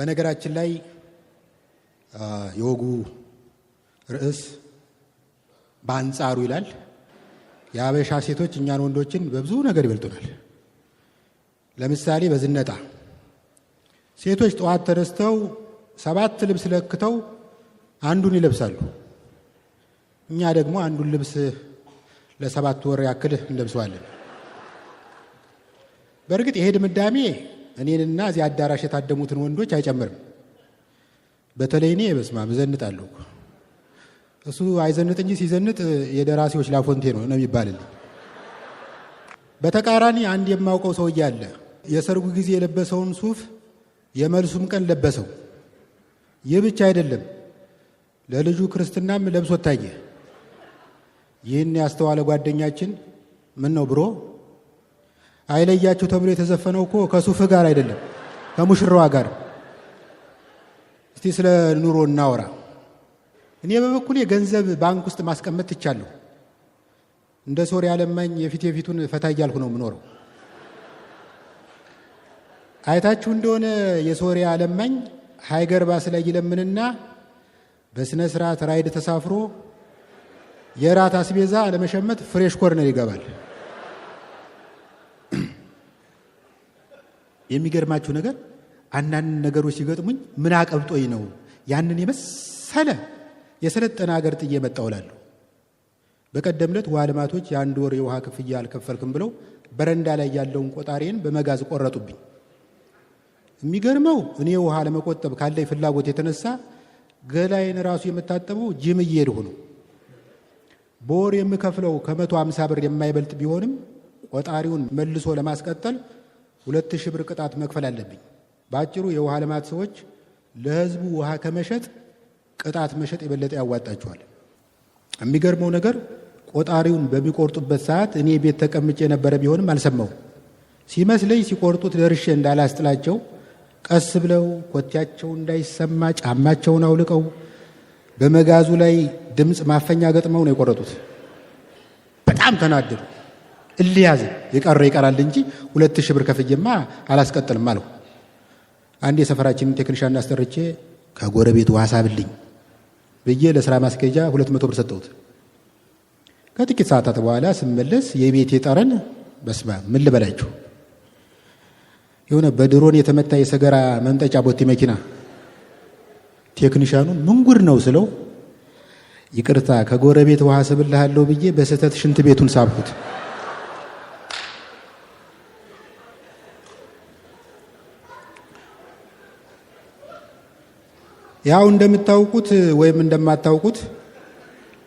በነገራችን ላይ የወጉ ርዕስ በአንጻሩ ይላል የአበሻ ሴቶች እኛን ወንዶችን በብዙ ነገር ይበልጡናል። ለምሳሌ በዝነጣ ሴቶች ጠዋት ተነስተው ሰባት ልብስ ለክተው አንዱን ይለብሳሉ። እኛ ደግሞ አንዱን ልብስ ለሰባት ወር ያክል እንለብሰዋለን። በእርግጥ ይሄ ድምዳሜ እኔንና እዚህ አዳራሽ የታደሙትን ወንዶች አይጨምርም። በተለይ እኔ በስማ እዘንጣለሁ። እሱ አይዘንጥ እንጂ ሲዘንጥ የደራሲዎች ላፎንቴ ነው ነው የሚባልልኝ። በተቃራኒ አንድ የማውቀው ሰውዬ አለ። የሰርጉ ጊዜ የለበሰውን ሱፍ የመልሱም ቀን ለበሰው። ይህ ብቻ አይደለም፣ ለልጁ ክርስትናም ለብሶ ታየ። ይህን ያስተዋለ ጓደኛችን ምን ነው ብሮ አይለያችሁ ተብሎ የተዘፈነው እኮ ከሱፍ ጋር አይደለም፣ ከሙሽራዋ ጋር። እስቲ ስለ ኑሮ እናወራ። እኔ በበኩሌ ገንዘብ ባንክ ውስጥ ማስቀመጥ ትቻለሁ። እንደ ሶሪያ ለማኝ የፊት የፊቱን ፈታ እያልኩ ነው የምኖረው። አይታችሁ እንደሆነ የሶሪያ ለማኝ ሀይገር ስለ ይለምንና በሥነ ስርዓት ራይድ ተሳፍሮ የራት አስቤዛ ለመሸመት ፍሬሽ ኮርነር ይገባል። የሚገርማችሁ ነገር አንዳንድ ነገሮች ሲገጥሙኝ ምን አቀብጦኝ ነው ያንን የመሰለ የሰለጠነ ሀገር ጥዬ መጣሁ በቀደምለት በቀደም ውሃ ልማቶች የአንድ ወር የውሃ ክፍያ አልከፈልክም ብለው በረንዳ ላይ ያለውን ቆጣሪን በመጋዝ ቆረጡብኝ። የሚገርመው እኔ ውሃ ለመቆጠብ ካለኝ ፍላጎት የተነሳ ገላይን ራሱ የምታጠበው ጅም እየሄድሁ ነው። በወር የምከፍለው ከመቶ አምሳ ብር የማይበልጥ ቢሆንም ቆጣሪውን መልሶ ለማስቀጠል ሁለት ሺህ ብር ቅጣት መክፈል አለብኝ። በአጭሩ የውሃ ልማት ሰዎች ለህዝቡ ውሃ ከመሸጥ ቅጣት መሸጥ የበለጠ ያዋጣቸዋል። የሚገርመው ነገር ቆጣሪውን በሚቆርጡበት ሰዓት እኔ ቤት ተቀምጬ የነበረ ቢሆንም አልሰማውም። ሲመስለኝ ሲቆርጡት ደርሼ እንዳላስጥላቸው ቀስ ብለው ኮቴያቸው እንዳይሰማ ጫማቸውን አውልቀው በመጋዙ ላይ ድምፅ ማፈኛ ገጥመው ነው የቆረጡት። በጣም ተናደዱ። እልያዝ የቀረ ይቀራል እንጂ ሁለት ሺህ ብር ከፍዬማ አላስቀጥልም አልሁ። አንድ የሰፈራችንን ቴክኒሻን አስጠርቼ ከጎረቤቱ ሀሳብልኝ ብዬ ለስራ ማስኬጃ ሁለት መቶ ብር ሰጠሁት። ከጥቂት ሰዓታት በኋላ ስመለስ የቤቴ ጠረን በስማ ምን ልበላችሁ የሆነ በድሮን የተመታ የሰገራ መምጠጫ ቦቴ መኪና። ቴክኒሻኑ ምን ጉድ ነው ስለው ይቅርታ ከጎረቤት ውሃ ስብልሃለሁ ብዬ በስህተት ሽንት ቤቱን ሳብኩት። ያው እንደምታውቁት ወይም እንደማታውቁት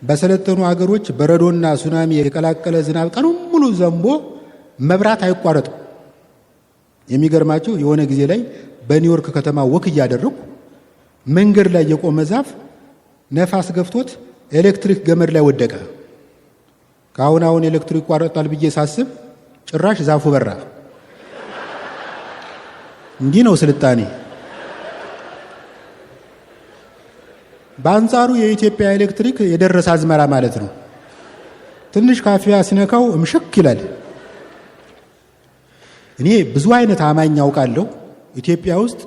በሰለጠኑ አገሮች በረዶና ሱናሚ የቀላቀለ ዝናብ ቀኑን ሙሉ ዘንቦ መብራት አይቋረጥም። የሚገርማቸው የሆነ ጊዜ ላይ በኒውዮርክ ከተማ ወክ እያደረጉ መንገድ ላይ የቆመ ዛፍ ነፋስ ገፍቶት ኤሌክትሪክ ገመድ ላይ ወደቀ። ከአሁን አሁን ኤሌክትሪክ ይቋረጣል ብዬ ሳስብ ጭራሽ ዛፉ በራ። እንዲህ ነው ስልጣኔ። በአንጻሩ የኢትዮጵያ ኤሌክትሪክ የደረሰ አዝመራ ማለት ነው። ትንሽ ካፊያ ሲነካው እምሽክ ይላል። እኔ ብዙ አይነት አማኝ ያውቃለሁ። ኢትዮጵያ ውስጥ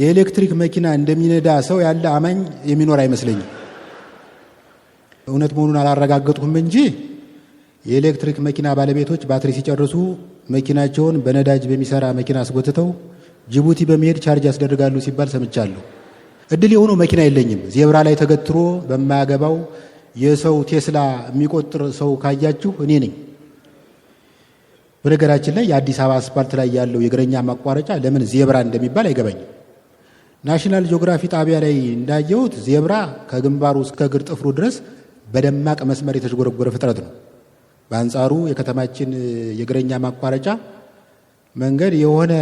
የኤሌክትሪክ መኪና እንደሚነዳ ሰው ያለ አማኝ የሚኖር አይመስለኝም። እውነት መሆኑን አላረጋገጥኩም እንጂ የኤሌክትሪክ መኪና ባለቤቶች ባትሪ ሲጨርሱ መኪናቸውን በነዳጅ በሚሰራ መኪና አስጎትተው ጅቡቲ በመሄድ ቻርጅ ያስደርጋሉ ሲባል ሰምቻለሁ። እድል የሆነው መኪና የለኝም። ዜብራ ላይ ተገትሮ በማያገባው የሰው ቴስላ የሚቆጥር ሰው ካያችሁ እኔ ነኝ። በነገራችን ላይ የአዲስ አበባ አስፓልት ላይ ያለው የእግረኛ ማቋረጫ ለምን ዜብራ እንደሚባል አይገባኝም። ናሽናል ጂኦግራፊ ጣቢያ ላይ እንዳየሁት ዜብራ ከግንባሩ እስከ እግር ጥፍሩ ድረስ በደማቅ መስመር የተዥጎረጎረ ፍጥረት ነው። በአንጻሩ የከተማችን የእግረኛ ማቋረጫ መንገድ የሆነ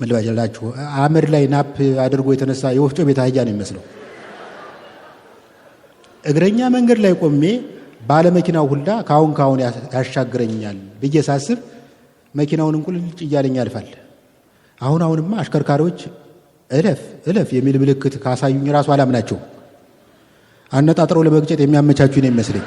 ምልባላችሁ አመድ ላይ ናፕ አድርጎ የተነሳ የወፍጮ ቤት አህያ ነው የሚመስለው። እግረኛ መንገድ ላይ ቆሜ ባለመኪናው ሁላ ካሁን ካሁን ያሻግረኛል ብዬ ሳስብ መኪናውን እንቁልጭ እያለኝ ያልፋል። አሁን አሁንማ አሽከርካሪዎች እለፍ እለፍ የሚል ምልክት ካሳዩኝ ራሱ አላምናቸው። አነጣጥረው ለመግጨት የሚያመቻቹ ነው ይመስለኝ።